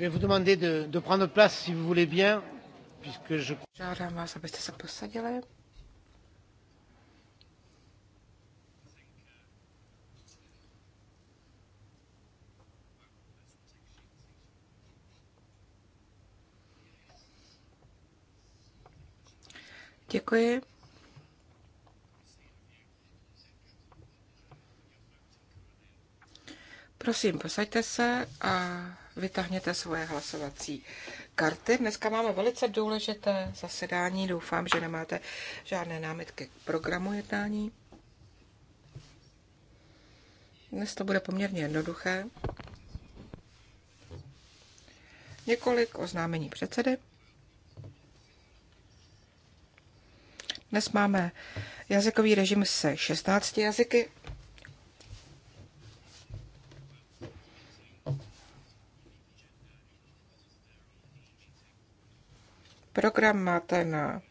vais vous demander de, de prendre place si vous voulez bien, puisque je... Žádám vás, abyste se posadili. Děkuji. Prosím, posaďte se a vytáhněte svoje hlasovací karty. Dneska máme velice důležité zasedání. Doufám, že nemáte žádné námitky k programu jednání. Dnes to bude poměrně jednoduché. Několik oznámení předsedy. Dnes máme jazykový režim se 16 jazyky. program máte na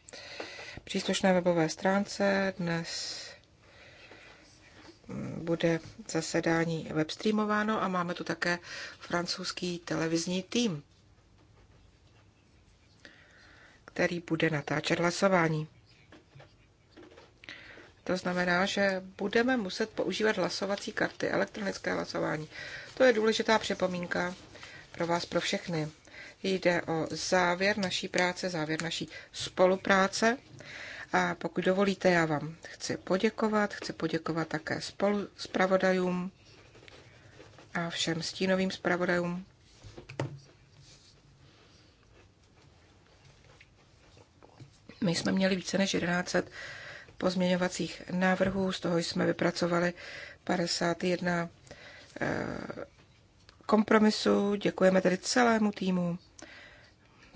příslušné webové stránce. Dnes bude zasedání webstreamováno a máme tu také francouzský televizní tým, který bude natáčet hlasování. To znamená, že budeme muset používat hlasovací karty, elektronické hlasování. To je důležitá připomínka pro vás, pro všechny. Jde o závěr naší práce, závěr naší spolupráce. A pokud dovolíte, já vám chci poděkovat. Chci poděkovat také spolu zpravodajům a všem stínovým zpravodajům. My jsme měli více než 11 pozměňovacích návrhů, z toho jsme vypracovali 51 eh, kompromisu. Děkujeme tedy celému týmu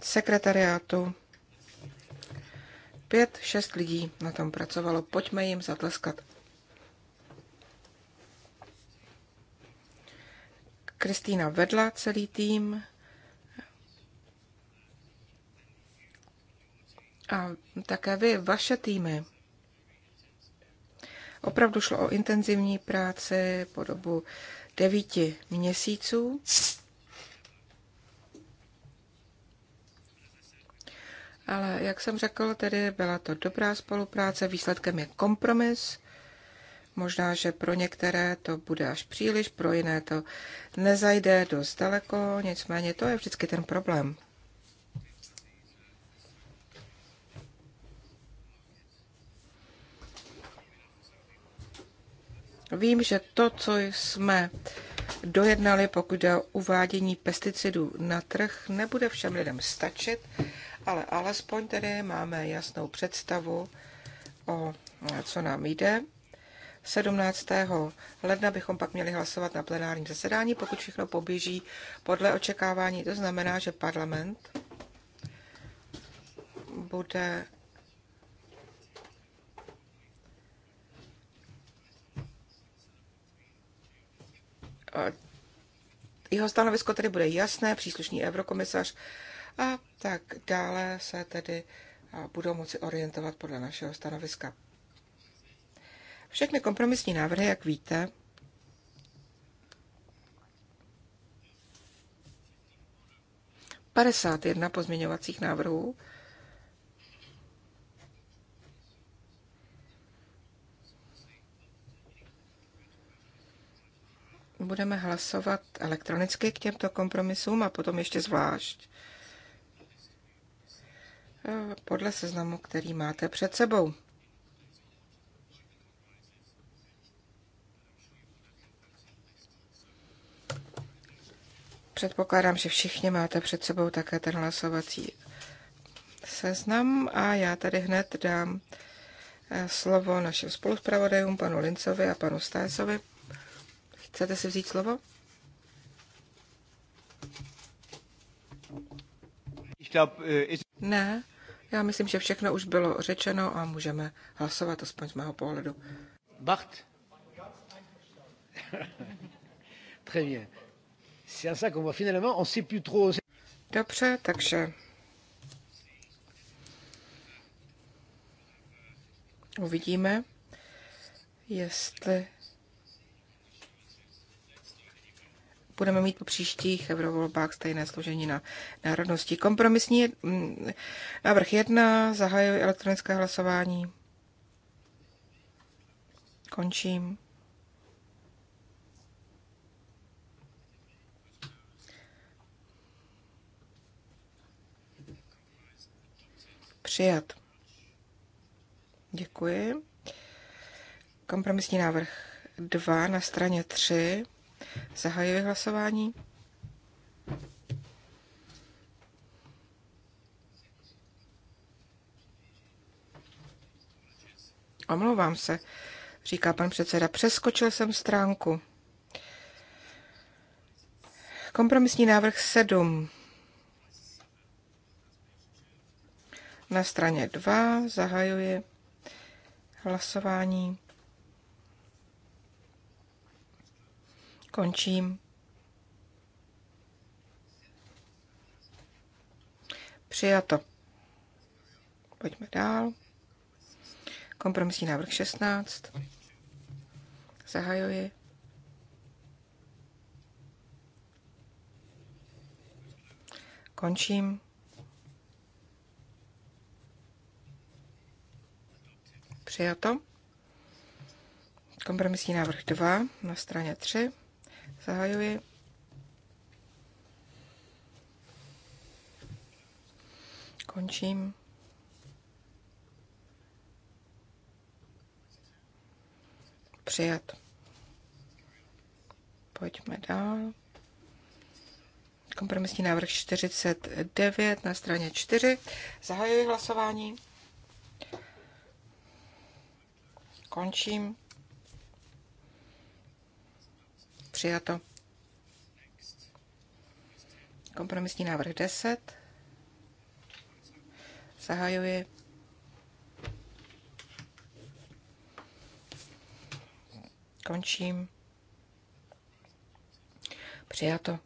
sekretariátu. Pět, šest lidí na tom pracovalo. Pojďme jim zatleskat. Kristýna vedla celý tým a také vy, vaše týmy. Opravdu šlo o intenzivní práci po dobu devíti měsíců. Ale jak jsem řekl, tedy byla to dobrá spolupráce, výsledkem je kompromis. Možná, že pro některé to bude až příliš, pro jiné to nezajde dost daleko, nicméně to je vždycky ten problém. Vím, že to, co jsme dojednali, pokud jde o uvádění pesticidů na trh, nebude všem lidem stačit ale alespoň tedy máme jasnou představu o co nám jde. 17. ledna bychom pak měli hlasovat na plenárním zasedání, pokud všechno poběží podle očekávání. To znamená, že parlament bude jeho stanovisko tedy bude jasné, příslušný eurokomisař a tak dále se tedy budou moci orientovat podle našeho stanoviska. Všechny kompromisní návrhy, jak víte, Padesát jedna pozměňovacích návrhů budeme hlasovat elektronicky k těmto kompromisům a potom ještě zvlášť podle seznamu, který máte před sebou. Předpokládám, že všichni máte před sebou také ten hlasovací seznam a já tady hned dám eh, slovo našim spoluzpravodajům, panu Lincovi a panu Stásovi. Chcete si vzít slovo? Eh, ne, já myslím, že všechno už bylo řečeno a můžeme hlasovat, aspoň z mého pohledu. Bacht. Dobře, takže uvidíme, jestli budeme mít po příštích eurovolbách stejné složení na národnosti. Kompromisní je, m, návrh 1, zahajuji elektronické hlasování. Končím. Přijat. Děkuji. Kompromisní návrh 2 na straně 3. Zahajuji hlasování. Omlouvám se, říká pan předseda. Přeskočil jsem stránku. Kompromisní návrh 7. Na straně 2 zahajuji hlasování. Končím. Přijato. Pojďme dál. Kompromisní návrh 16. Zahajuji. Končím. Přijato. Kompromisní návrh 2 na straně 3. Zahajuji. Končím. Přijat. Pojďme dál. Kompromisní návrh 49 na straně 4. Zahajuji hlasování. Končím. Přijato. Kompromisní návrh 10. Zahajuji. Končím. Přijato.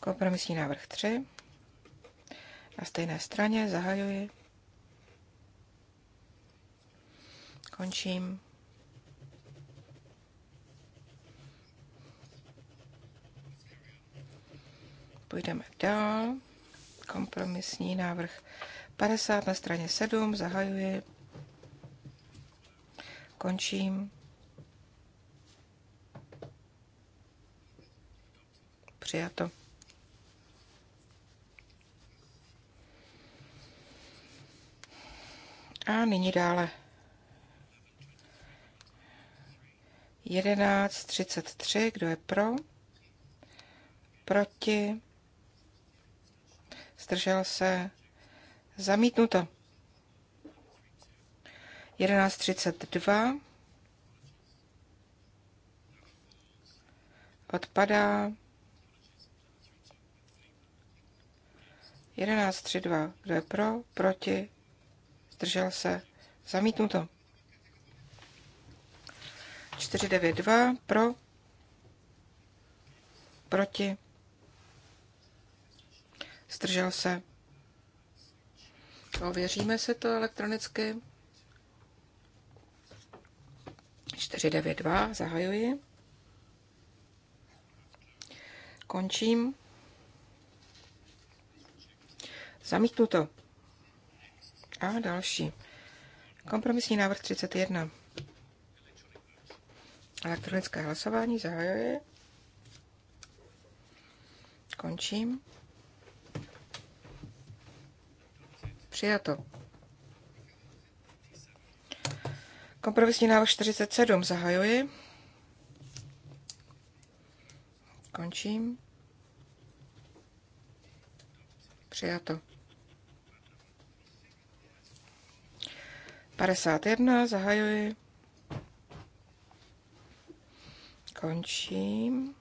Kompromisní návrh 3. Na stejné straně zahajuji. Končím. Půjdeme dál. Kompromisní návrh 50 na straně 7. Zahajuji. Končím. Přijato. A nyní dále. 11.33, kdo je pro? Proti? zdržel se, zamítnuto. 11.32 odpadá. 11.32, kdo je pro, proti, zdržel se, zamítnuto. 492 pro, proti, zdržel se. Ověříme se to elektronicky. 492 zahajuji. Končím. Zamítnuto. A další. Kompromisní návrh 31. Elektronické hlasování zahajuje. Končím. Přijato. Kompromisní návrh 47 zahajuji. Končím. Přijato. 51 zahajuji. Končím.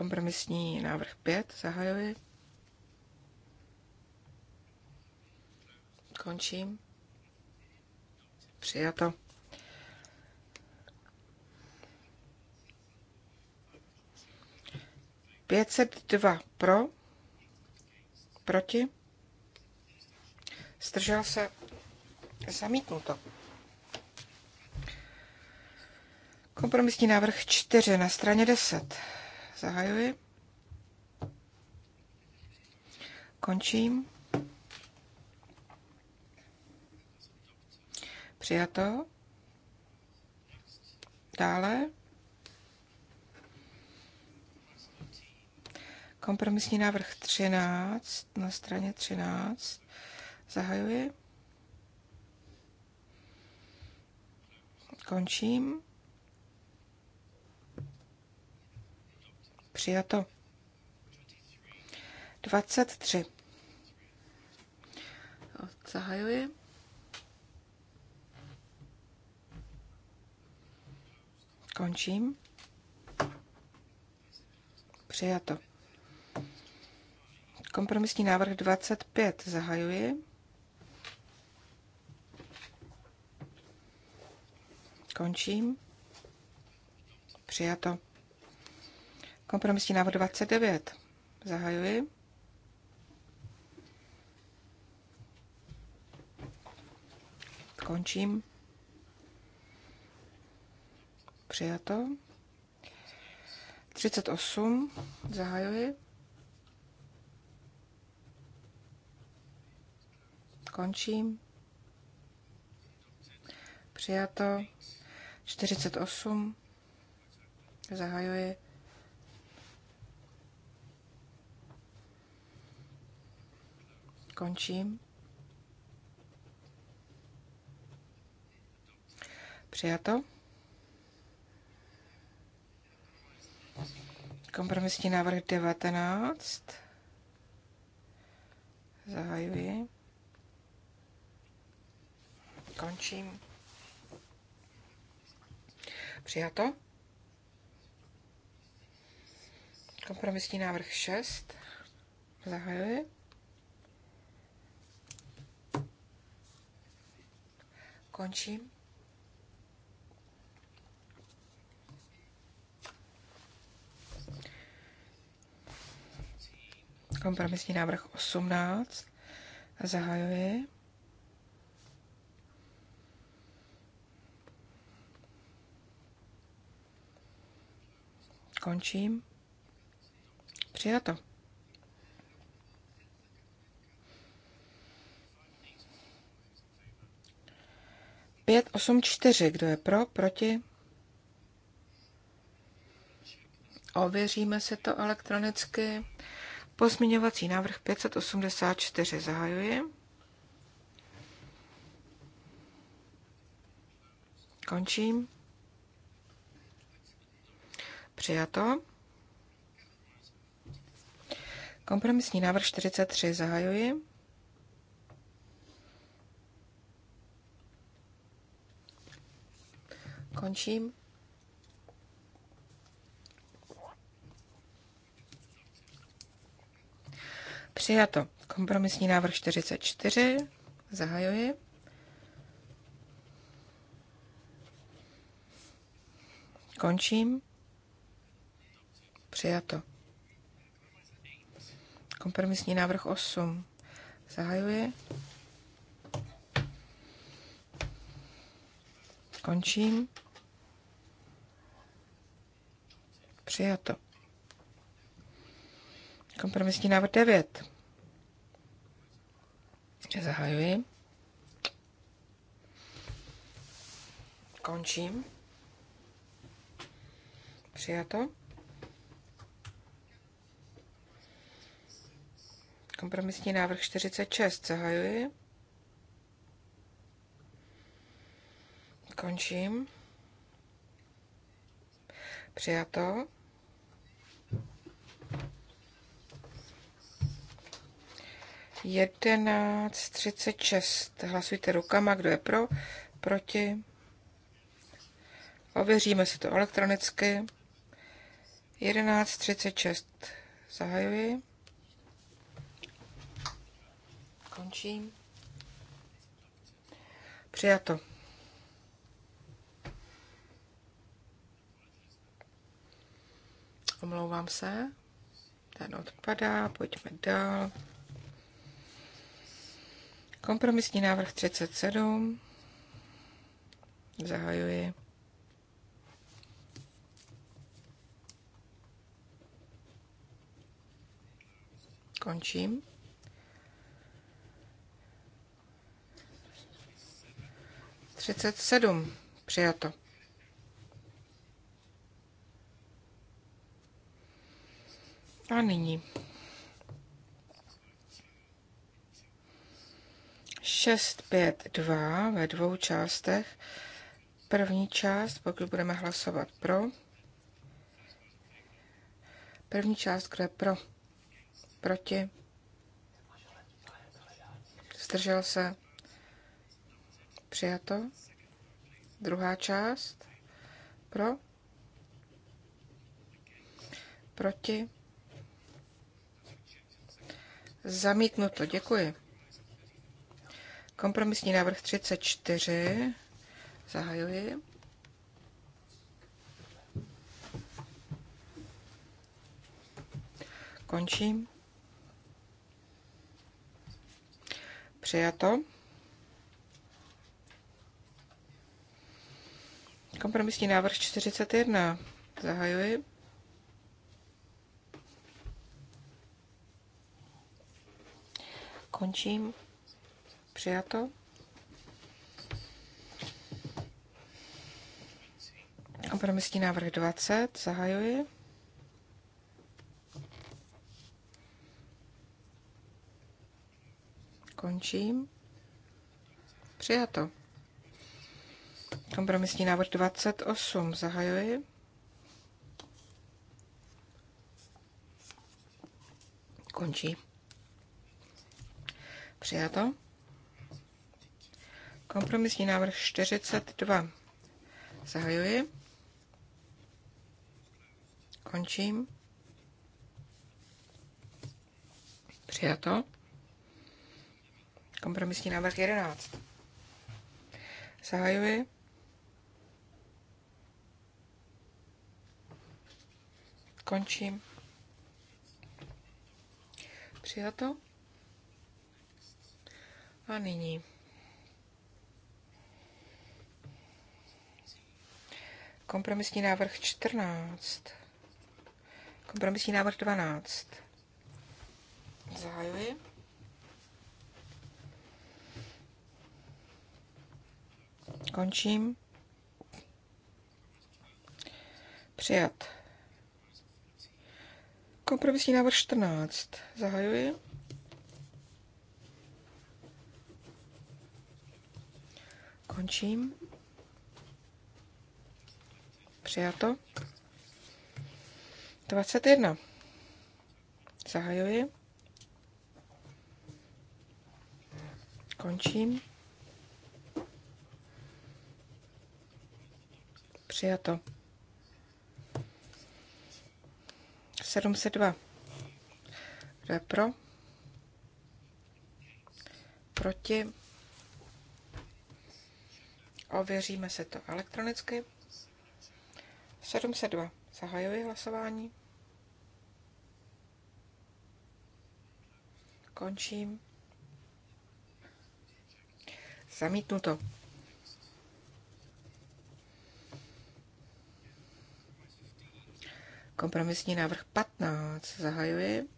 Kompromisní návrh 5 zahajuji. Končím. Přijato. Pětset dva pro, proti, zdržel se, zamítnuto. Kompromisní návrh čtyři na straně deset. Zahajuji. Končím. Přijato. Dále. Kompromisní návrh 13 na straně 13. Zahajuji. Končím. Přijato. 23. Zahajuji. Končím. Přijato. Kompromisní návrh 25 zahajuji. Končím. Přijato. Kompromisní návod 29. Zahajuji. Končím. Přijato. 38. Zahajuji. Končím. Přijato. 48. Zahajuji. končím. Přijato. Kompromisní návrh 19. Zahajuji. Končím. Přijato. Kompromisní návrh 6. Zahajuji. Končím. Kompromisní návrh 18. Zahajuji. Končím. Přijato. 584. Kdo je pro? Proti? Ověříme se to elektronicky. Pozměňovací návrh 584 zahajuji. Končím. Přijato. Kompromisní návrh 43 zahajuji. Končím. Přijato. Kompromisní návrh 44. Zahajuji. Končím. Přijato. Kompromisní návrh 8. Zahajuji. Končím. Přijato. Kompromisní návrh 9. Zahajuji. Končím. Přijato. Kompromisní návrh 46. Zahajuji. Končím. Přijato. 11.36. Hlasujte rukama, kdo je pro, proti. Ověříme si to elektronicky. 11.36. Zahajuji. Končím. Přijato. Omlouvám se. Ten odpadá. Pojďme dál. Kompromisní návrh 37. Zahajuji. Končím. Třicet sedm. Přijato. A nyní 652 ve dvou částech. První část, pokud budeme hlasovat pro. První část, kde pro, proti, zdržel se, přijato. Druhá část, pro, proti, zamítnuto, děkuji. Kompromisní návrh 34. Zahajuji. Končím. Přijato. Kompromisní návrh 41. Zahajuji. Končím. Přijato. Kompromisní návrh 20 zahajuji. Končím. Přijato. Kompromisní návrh 28 zahajuji. Končí. Přijato. Kompromisní návrh 42. Zahajuji. Končím. Přijato. Kompromisní návrh 11. Zahajuji. Končím. Přijato. A nyní Kompromisní návrh 14. Kompromisní návrh 12. Zahajuji. Končím. Přijat. Kompromisní návrh 14. Zahajuji. Končím. Přijato. 21. Zahajuji. Končím. Přijato. 702. Kdo je pro? Proti? Ověříme se to elektronicky. 702. Zahajuji hlasování. Končím. Zamítnuto. Kompromisní návrh 15. Zahajuji.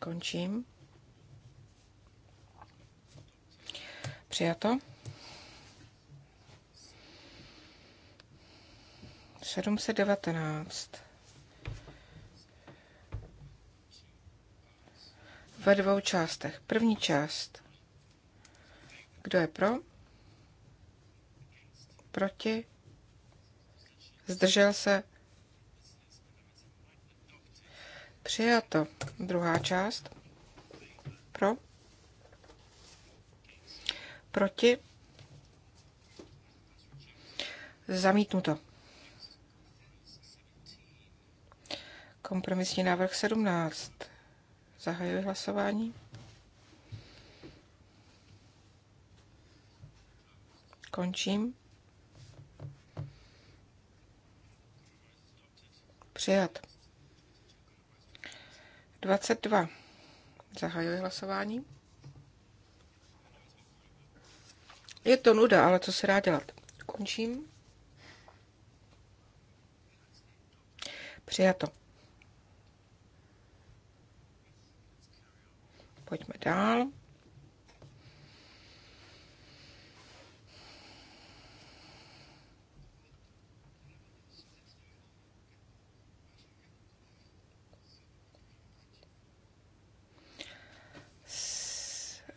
Končím. Přijato. 719. Ve dvou částech. První část. Kdo je pro? Proti? Zdržel se? Přijato. Druhá část. Pro? Proti? Zamítnuto. Kompromisní návrh 17. Zahajuji hlasování. Končím. Přijat. 22. Zahajuji hlasování. Je to nuda, ale co se dá dělat? Končím. Přijato. Pojďme dál.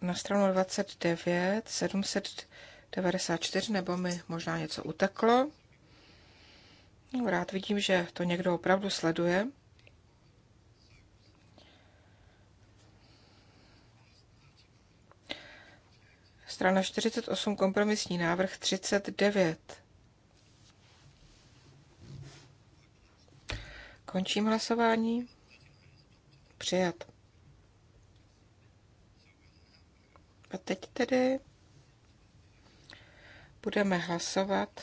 na stranu 29, 794, nebo mi možná něco uteklo. No, rád vidím, že to někdo opravdu sleduje. strana 48, kompromisní návrh 39. Končím hlasování. Přijat. A teď tedy budeme hlasovat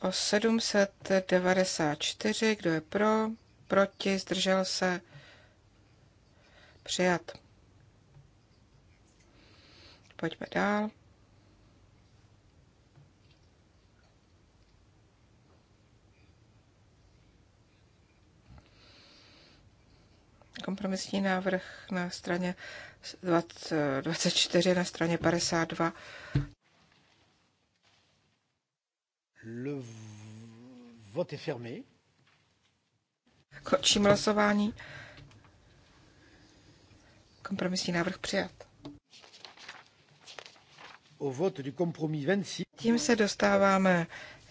o 794, kdo je pro, proti, zdržel se, přijat. Pojďme dál. Kompromisní návrh na straně 24, na straně 52. Le vote est fermé. Končím hlasování. Kompromisní návrh přijat. Tím se dostáváme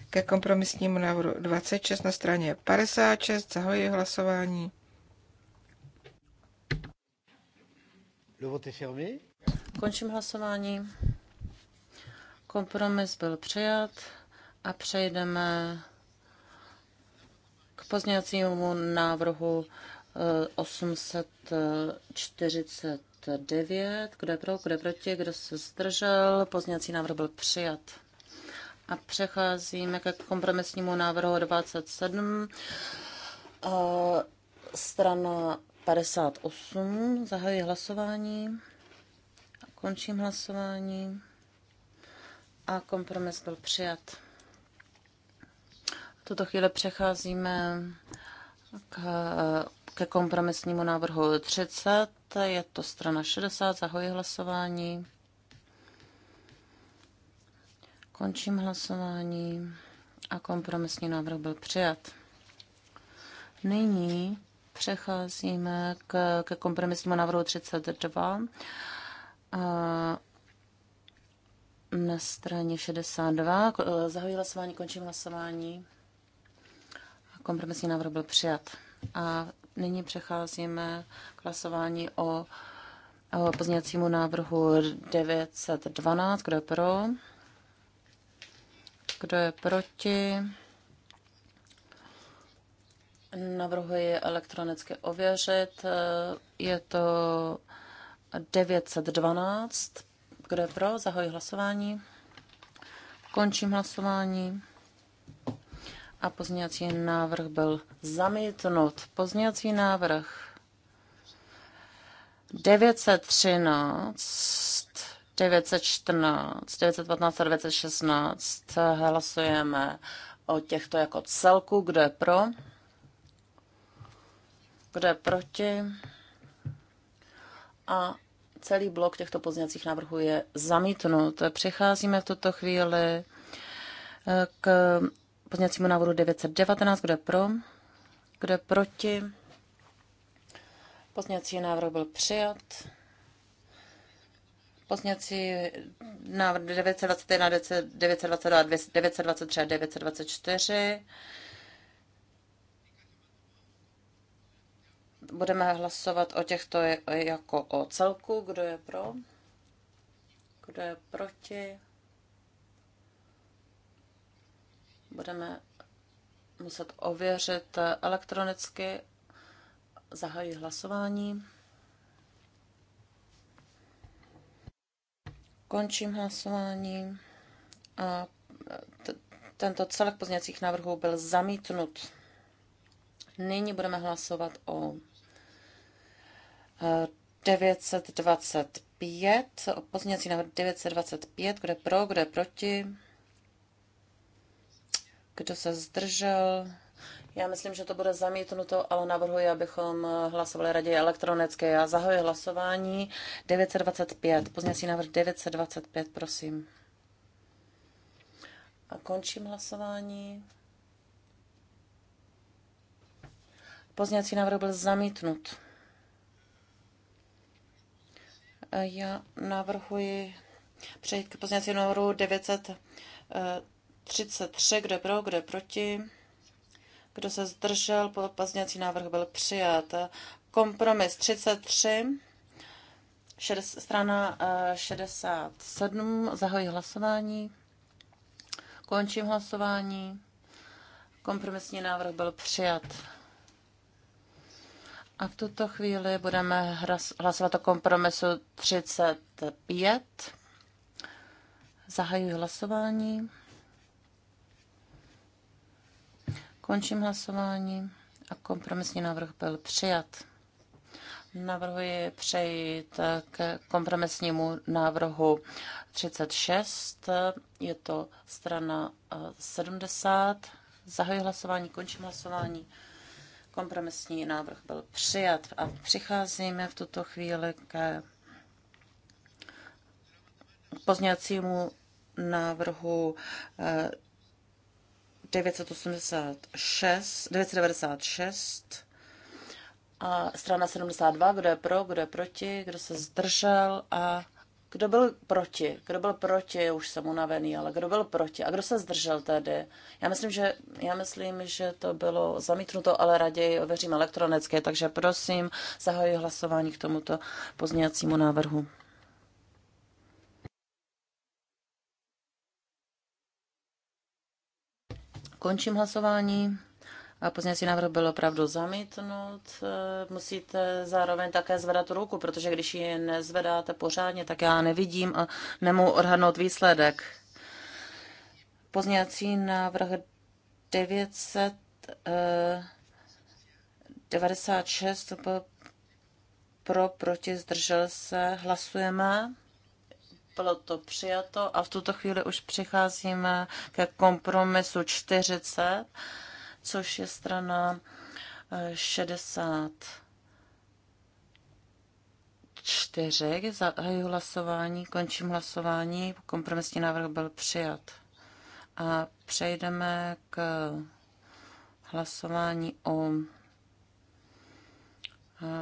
ke kompromisnímu návrhu 26 na straně 56. Zahoji hlasování. Končím hlasování. Kompromis byl přijat a přejdeme k pozměňovacímu návrhu 840 eh, 9. Kdo je pro, kdo je proti, kdo se zdržel? Pozněcí návrh byl přijat. A přecházíme ke kompromisnímu návrhu 27. A Strana 58. Zahajuji hlasování. A Končím hlasování. A kompromis byl přijat. V tuto chvíli přecházíme k, ke kompromisnímu návrhu 30 je to strana 60, zahoji hlasování. Končím hlasování a kompromisní návrh byl přijat. Nyní přecházíme k, ke kompromisnímu návrhu 32 na straně 62. Zahoji hlasování, končím hlasování. Kompromisní návrh byl přijat. A Nyní přecházíme k hlasování o pozněcímu návrhu 912. Kdo je pro? Kdo je proti? Navrhuji elektronicky ověřit. Je to 912. Kdo je pro? Zahoji hlasování. Končím hlasování a pozněcí návrh byl zamítnut. Pozněcí návrh 913, 914, 915 a 916 hlasujeme o těchto jako celku. Kdo je pro? Kdo je proti? A celý blok těchto pozněcích návrhů je zamítnut. Přicházíme v tuto chvíli k pozněcímu návodu 919. Kdo je pro? Kdo je proti? Pozněcí návrh byl přijat. Pozněcí návrh 921, 922, 923 a 924. Budeme hlasovat o těchto jako o celku. Kdo je pro? Kdo je proti? budeme muset ověřit elektronicky. Zahajuji hlasování. Končím hlasování. A tento celek pozněcích návrhů byl zamítnut. Nyní budeme hlasovat o 925, eh, o pozněcí návrh 925, kde pro, kde proti kdo se zdržel? Já myslím, že to bude zamítnuto, ale navrhuji, abychom hlasovali raději elektronicky. Já zahajuji hlasování 925. si návrh 925, prosím. A končím hlasování. Pozněcí návrh byl zamítnut. Já navrhuji přejít k pozněcí návrhu 900. 33, kdo pro, kdo proti, kdo se zdržel, pozněcí návrh byl přijat. Kompromis 33, šedes, strana 67, eh, zahojí hlasování, končím hlasování, kompromisní návrh byl přijat. A v tuto chvíli budeme hlasovat o kompromisu 35. Zahajuji hlasování. Končím hlasování a kompromisní návrh byl přijat. Navrhuji přejít k kompromisnímu návrhu 36. Je to strana 70. Eh, Zahajuji hlasování, končím hlasování. Kompromisní návrh byl přijat a přicházíme v tuto chvíli k pozněcímu návrhu eh, 986, 996 a strana 72, kdo je pro, kdo je proti, kdo se zdržel a kdo byl proti? Kdo byl proti, už jsem unavený, ale kdo byl proti? A kdo se zdržel tedy? Já myslím, že, já myslím, že to bylo zamítnuto, ale raději ověřím elektronické, takže prosím, zahajuji hlasování k tomuto pozměňovacímu návrhu. Končím hlasování. A pozměňovací návrh byl opravdu zamítnut. Eh, Musíte zároveň také zvedat ruku, protože když ji nezvedáte pořádně, tak já nevidím a nemohu odhadnout výsledek. Pozměňovací návrh 996 eh, pro, proti, zdržel se. Hlasujeme bylo to přijato a v tuto chvíli už přicházíme ke kompromisu 40, což je strana eh, Čtyři Zahajuji hlasování, končím hlasování. Kompromisní návrh byl přijat. A přejdeme k hlasování o...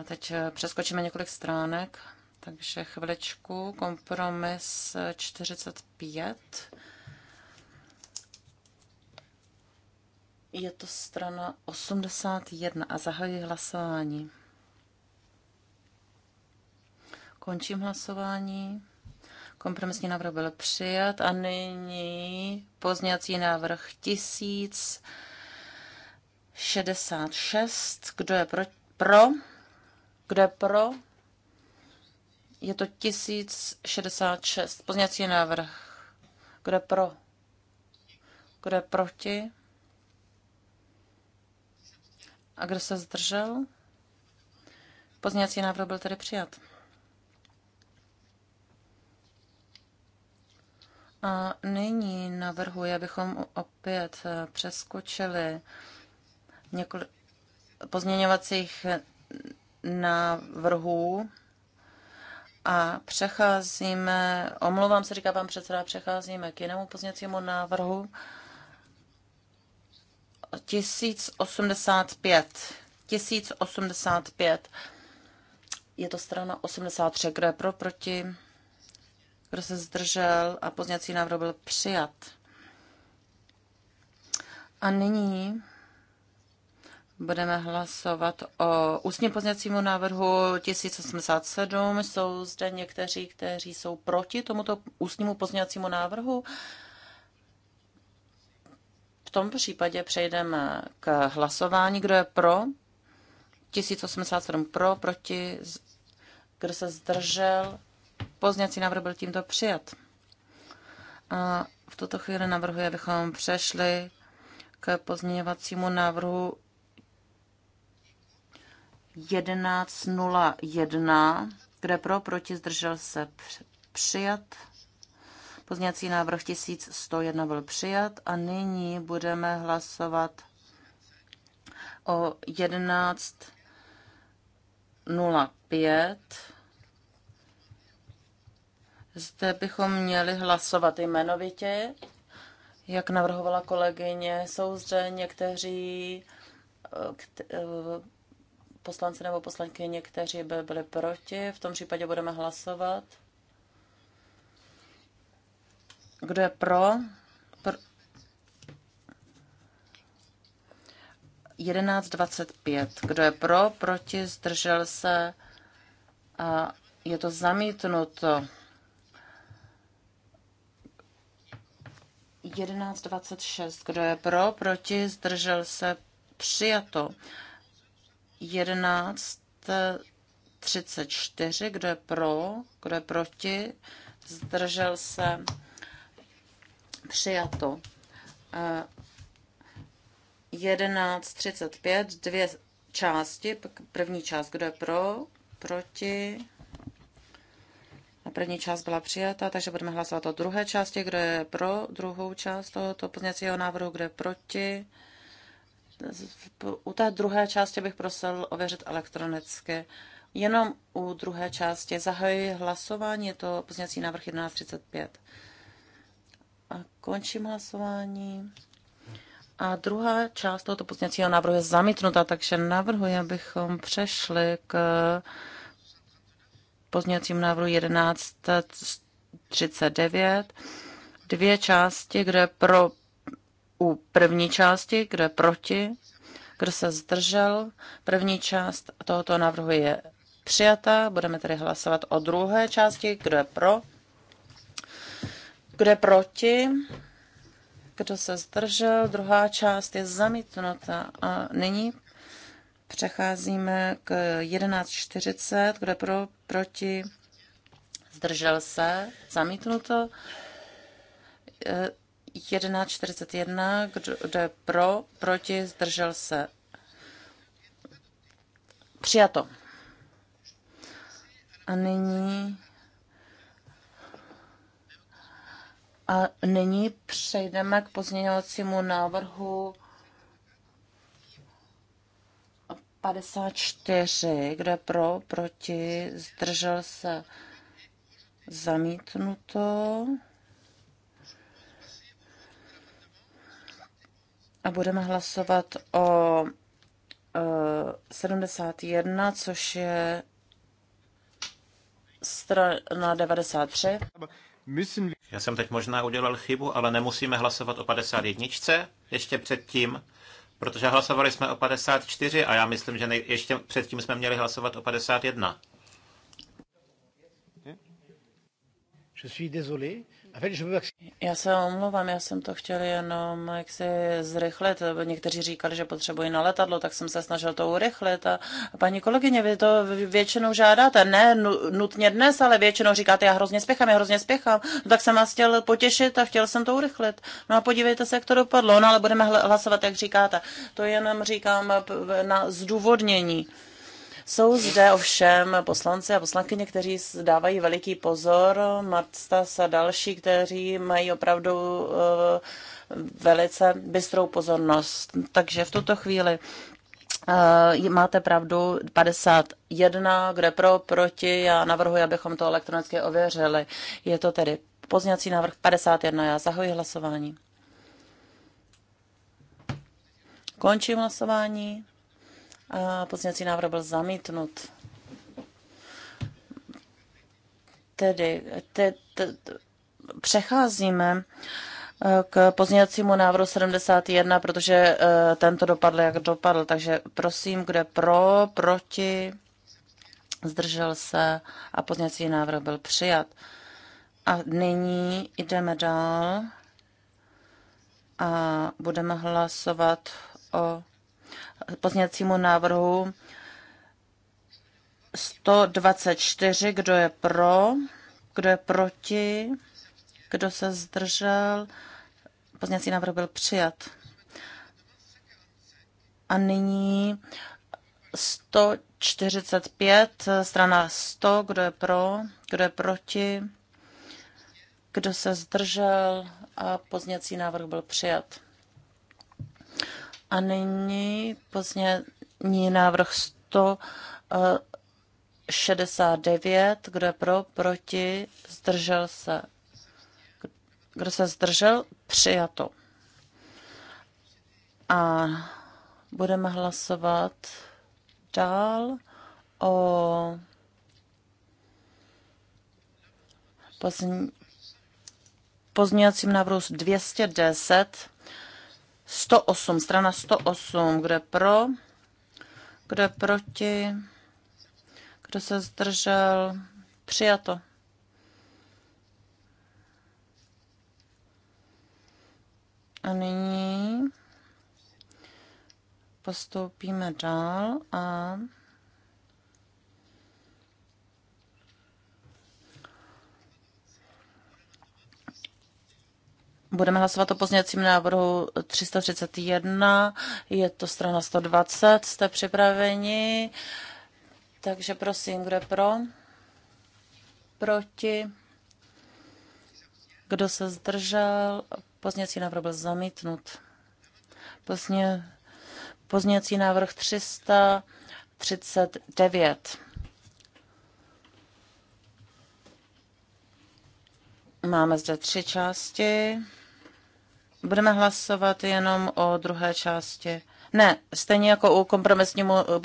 Teď přeskočíme několik stránek. Takže chvilečku, kompromis 45. Je to strana 81 a zahajuji hlasování. Končím hlasování. Kompromisní návrh byl přijat a nyní pozněcí návrh 1066. Kdo je pro? pro? Kdo je pro? Je to 1066. Pozněcí návrh. Kdo pro? Kdo proti? A kdo se zdržel? Pozněcí návrh byl tedy přijat. A nyní navrhuji, abychom opět eh, přeskočili několik pozměňovacích návrhů a přecházíme, omlouvám se, říká pan předseda, přecházíme k jinému pozněcímu návrhu. 1085. 1085. Je to strana 83, kdo je pro, proti, kdo se zdržel a pozněcí návrh byl přijat. A nyní Budeme hlasovat o ústním pozněcímu návrhu 1087. Jsou zde někteří, kteří jsou proti tomuto ústnímu pozněcímu návrhu. V tom případě přejdeme k hlasování. Kdo je pro? 1087 pro, proti, kdo se zdržel. Pozněcí návrh byl tímto přijat. A v tuto chvíli navrhuji, abychom přešli k pozměňovacímu návrhu 1101, kde pro, proti, zdržel se přijat. Pozněcí návrh 1101 byl přijat a nyní budeme hlasovat o 11.05. Zde bychom měli hlasovat jmenovitě, jak navrhovala kolegyně. Jsou zde někteří eh, eh, poslanci nebo poslankyně, kteří by byli proti. V tom případě budeme hlasovat. Kdo je pro? Pr- 11.25. Kdo je pro, proti, zdržel se a je to zamítnuto. 11.26. Kdo je pro, proti, zdržel se, přijato. 11.34. Kdo je pro? Kdo je proti? Zdržel se? Přijato. 11.35. Eh, Dvě části. První část, kdo je pro? Proti? A první část byla přijata, takže budeme hlasovat o druhé části, kdo je pro druhou část tohoto pozněcího návrhu, kdo je proti u té druhé části bych prosil ověřit elektronicky. Jenom u druhé části zahajuji hlasování, je to pozněcí návrh 1135. A končím hlasování. A druhá část tohoto pozněcího návrhu je zamítnutá, takže navrhuji, abychom přešli k pozněcím návrhu 1139. Dvě části, kde pro u první části, kdo je proti, kdo se zdržel. První část tohoto návrhu je přijata. Budeme tedy hlasovat o druhé části, kdo je pro, kdo je proti, kdo se zdržel. Druhá část je zamítnuta. A nyní přecházíme k 11.40, kdo je pro, proti, zdržel se, zamítnuto. 11.41, kdo je pro, proti, zdržel se. Přijato. A nyní... A nyní přejdeme k pozměňovacímu návrhu 54. Kdo je pro, proti, zdržel se zamítnuto. a budeme hlasovat o 71, což je strana 93. Já jsem teď možná udělal chybu, ale nemusíme hlasovat o 51. Ještě předtím, protože hlasovali jsme o 54 a já myslím, že nej- ještě předtím jsme měli hlasovat o 51. Je suis désolé. Já se omlouvám, já jsem to chtěl jenom jak si zrychlit. Někteří říkali, že potřebují na letadlo, tak jsem se snažil to urychlit. A, paní kolegyně, vy to většinou žádáte, ne nutně dnes, ale většinou říkáte, já hrozně spěchám, já hrozně spěchám. No, tak jsem vás chtěl potěšit a chtěl jsem to urychlit. No a podívejte se, jak to dopadlo. No ale budeme hlasovat, jak říkáte. To jenom říkám na zdůvodnění. Jsou zde ovšem poslanci a poslankyně, kteří dávají veliký pozor, Matstas a další, kteří mají opravdu eh, velice bystrou pozornost. Takže v tuto chvíli eh, máte pravdu, 51, kde pro, proti, já navrhuji, abychom to elektronicky ověřili. Je to tedy pozněcí návrh 51, já zahoji hlasování. Končím hlasování a pozměňovací návrh byl zamítnut. Tedy te, te, přecházíme eh, k pozměňovacímu návrhu 71, protože eh, tento dopadl, jak dopadl. Takže prosím, kde pro, proti, zdržel se a pozměňovací návrh byl přijat. A nyní jdeme dál a budeme hlasovat o pozněcímu návrhu 124. Kdo je pro? Kdo je proti? Kdo se zdržel? Pozněcí návrh byl přijat. A nyní 145, strana 100, kdo je pro, kdo je proti, kdo se zdržel a pozněcí návrh byl přijat. A nyní pozmění návrh 169. Eh, Kdo je pro? Proti? Zdržel se? Kdo se zdržel? Přijato. A budeme hlasovat dál o pozměňovacím návrhu 210 108, strana 108, kde pro, kde proti, kdo se zdržel, přijato. A nyní postoupíme dál a Budeme hlasovat o pozněcím návrhu 331, je to strana 120, jste připraveni, takže prosím, kdo pro, proti, kdo se zdržel, pozněcí návrh byl zamítnut. Pozně, pozněcí návrh 339. Máme zde tři části. Budeme hlasovat jenom o druhé části. Ne, stejně jako u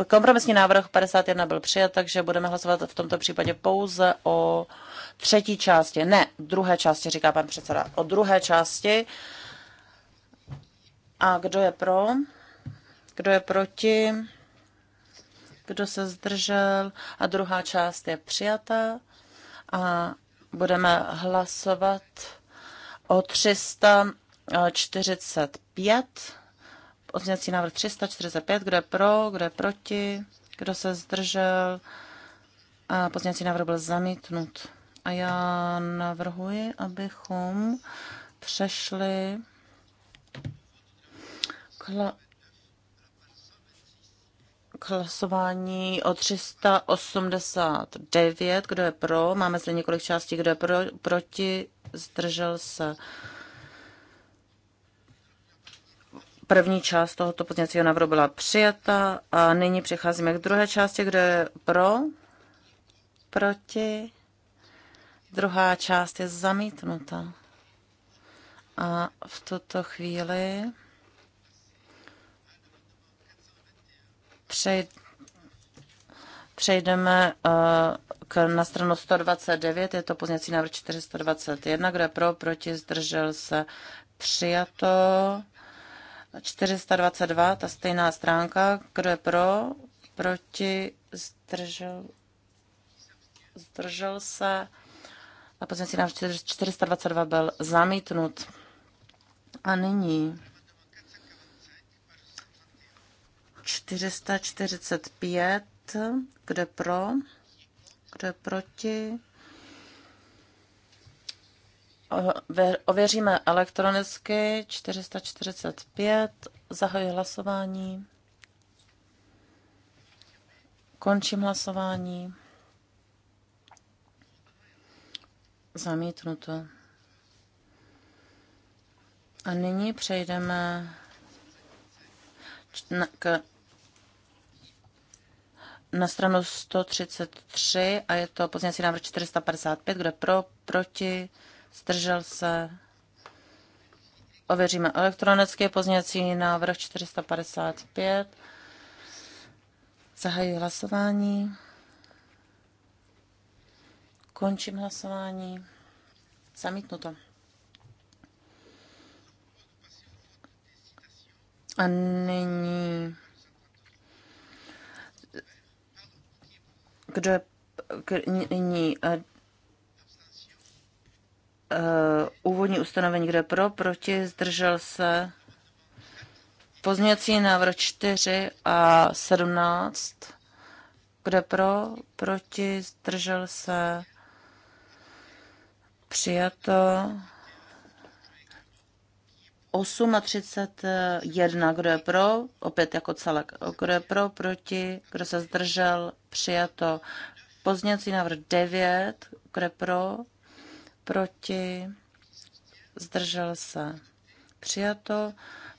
kompromisní návrh 51 byl přijat, takže budeme hlasovat v tomto případě pouze o třetí části. Ne, druhé části, říká pan předseda. O druhé části. A kdo je pro? Kdo je proti? Kdo se zdržel? A druhá část je přijata. A budeme hlasovat o 300 45, pozměňovací návrh 345, kdo je pro, kdo je proti, kdo se zdržel. A pozměňovací návrh byl zamítnut. A já navrhuji, abychom přešli k k hlasování o 389. Kdo je pro? Máme zde několik částí. Kdo je pro, proti? Zdržel se. První část tohoto pozměňovacího návrhu byla přijata a nyní přecházíme k druhé části, kde je pro, proti. Druhá část je zamítnuta. A v tuto chvíli přejdeme eh, k, na stranu 129, je to pozněcí návrh 421, kde pro, proti, zdržel se, přijato. 422, ta stejná stránka, kdo je pro, proti, zdržel, zdržel se a pozměnci nám 422 byl zamítnut. A nyní 445, kde pro, kde proti, Ověříme elektronicky 445. Zahajuji hlasování. Končím hlasování. Zamítnuto. A nyní přejdeme k, na stranu 133 a je to pozměňovací návrh 455, kde pro, proti, zdržel se. Ověříme elektronicky pozněcí návrh 455. Zahajuji hlasování. Končím hlasování. Zamítnuto. A nyní... Kdo je nyní eh, Eh, úvodní ustanovení, kde pro, proti, zdržel se. Pozměňovací návrh 4 a 17, kde pro, proti, zdržel se. Přijato. 8 a 31, kdo je pro, opět jako celek, kdo je pro, proti, kdo se zdržel, přijato. Pozněcí návrh 9, kdo je pro, proti, zdržel se. Přijato.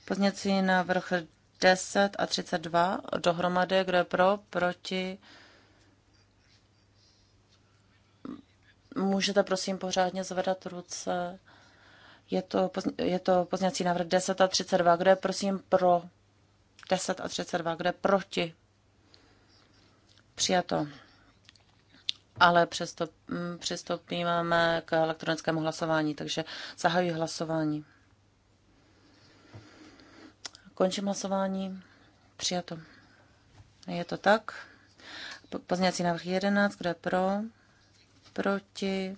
Pozněcí návrh 10 a 32 dohromady, kdo je pro, proti. Můžete prosím pořádně zvedat ruce. Je to, je to pozněcí návrh 10 a 32, kdo je prosím pro 10 a 32, kde je proti. Přijato ale přesto mm, přistoupíme k elektronickému hlasování, takže zahajuji hlasování. Končím hlasování. Přijato. Je to tak. Pozměňovací návrh 11, kdo je pro? Proti?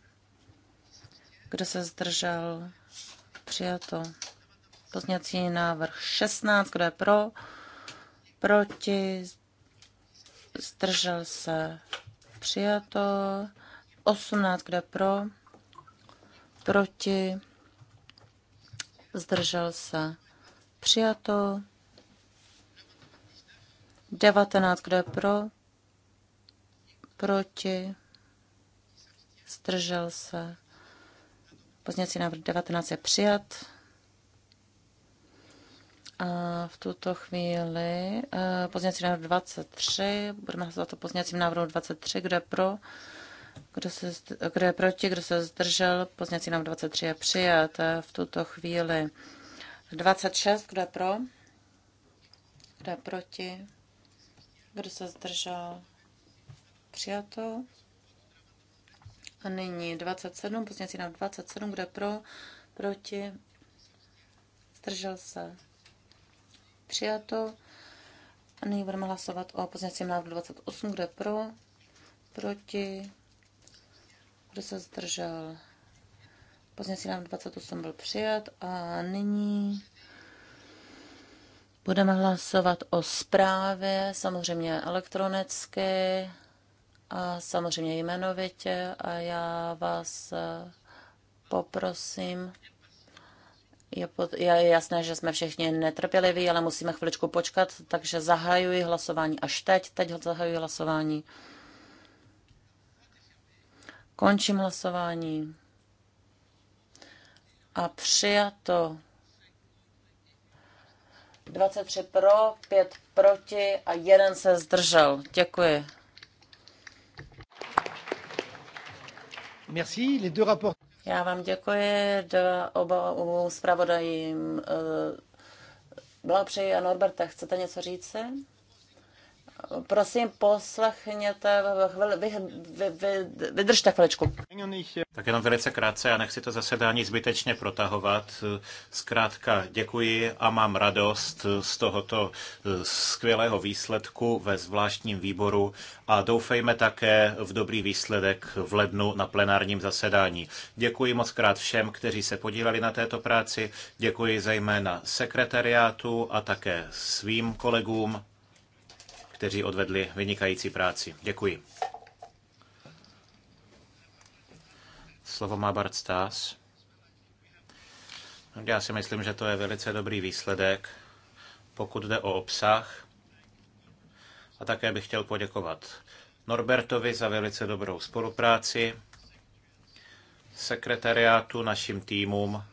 Kdo se zdržel? Přijato. Pozměňovací návrh 16, kdo je pro? Proti? Zdržel se? přijato. 18, kde pro, proti, zdržel se, přijato. 19, kde pro, proti, zdržel se. Pozněcí návrh 19 je přijat. A v tuto chvíli uh, eh, pozněcí návrh 23, budeme hlasovat o pozněcím návrhu 23, kdo je pro, kdo, se, kdo je proti, kdo se zdržel, pozněcí návrh 23 je přijat. Eh, v tuto chvíli 26, kdo je pro, kdo je proti, kdo se zdržel, přijato. A nyní 27, pozněcí návrh 27, kdo je pro, proti, zdržel se Přijato. A nyní budeme hlasovat o pozměňovacím návrhu 28. Kdo je pro? Proti? Kdo se zdržel? Pozměňovací návrh 28 byl přijat a nyní budeme hlasovat o zprávě, samozřejmě elektronicky a samozřejmě jmenovitě a já vás poprosím je, pod, je jasné, že jsme všichni netrpěliví, ale musíme chviličku počkat, takže zahajuji hlasování až teď. Teď zahajuji hlasování. Končím hlasování. A přijato 23 pro, 5 proti a jeden se zdržel. Děkuji. Merci, les deux rapports. Já vám děkuji dva, oba obou zpravodajím. Eh, blahopřeji a Norberta, chcete něco říct? Prosím, poslechněte, vy, vy, vy, vydržte chviličku. Tak jenom velice krátce, já nechci to zasedání zbytečně protahovat. Zkrátka děkuji a mám radost z tohoto eh, skvělého výsledku ve zvláštním výboru a doufejme také v dobrý výsledek v lednu na plenárním zasedání. Děkuji moc krát všem, kteří se podíleli na této práci. Děkuji zejména sekretariátu a také svým kolegům kteří odvedli vynikající práci. Děkuji. Slovo má Bart Stas. Já si myslím, že to je velice dobrý výsledek, pokud jde o obsah. A také bych chtěl poděkovat Norbertovi za velice dobrou spolupráci, sekretariátu, našim týmům,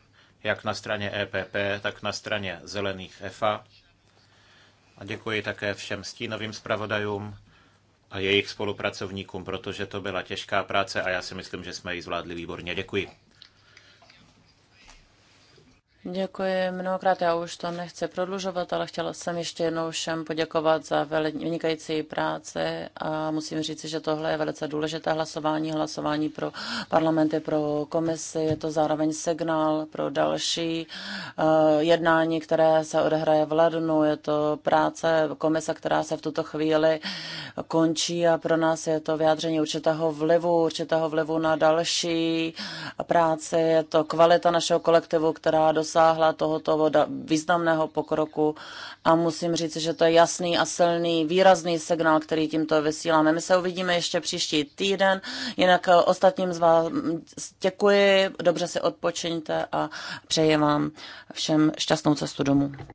jak na straně EPP, tak na straně Zelených EFA. A děkuji také všem stínovým zpravodajům a jejich spolupracovníkům, protože to byla těžká práce a já si myslím, že jsme ji zvládli výborně. Děkuji. Děkuji mnohokrát, já už to nechci prodlužovat, ale chtěla jsem ještě jednou všem poděkovat za vynikající práci a musím říct, že tohle je velice důležité hlasování, hlasování pro parlamenty, pro komisi, je to zároveň signál pro další eh, jednání, které se odehraje v lednu, je to práce komise, která se v tuto chvíli končí a pro nás je to vyjádření určitého vlivu, určitého vlivu na další práci, je to kvalita našeho kolektivu, která dosáhne dosáhla tohoto významného pokroku a musím říct, že to je jasný a silný, výrazný signál, který tímto vysíláme. My se uvidíme ještě příští týden, jinak eh, ostatním z vás děkuji, dobře si odpočiňte a přeji vám všem šťastnou cestu domů.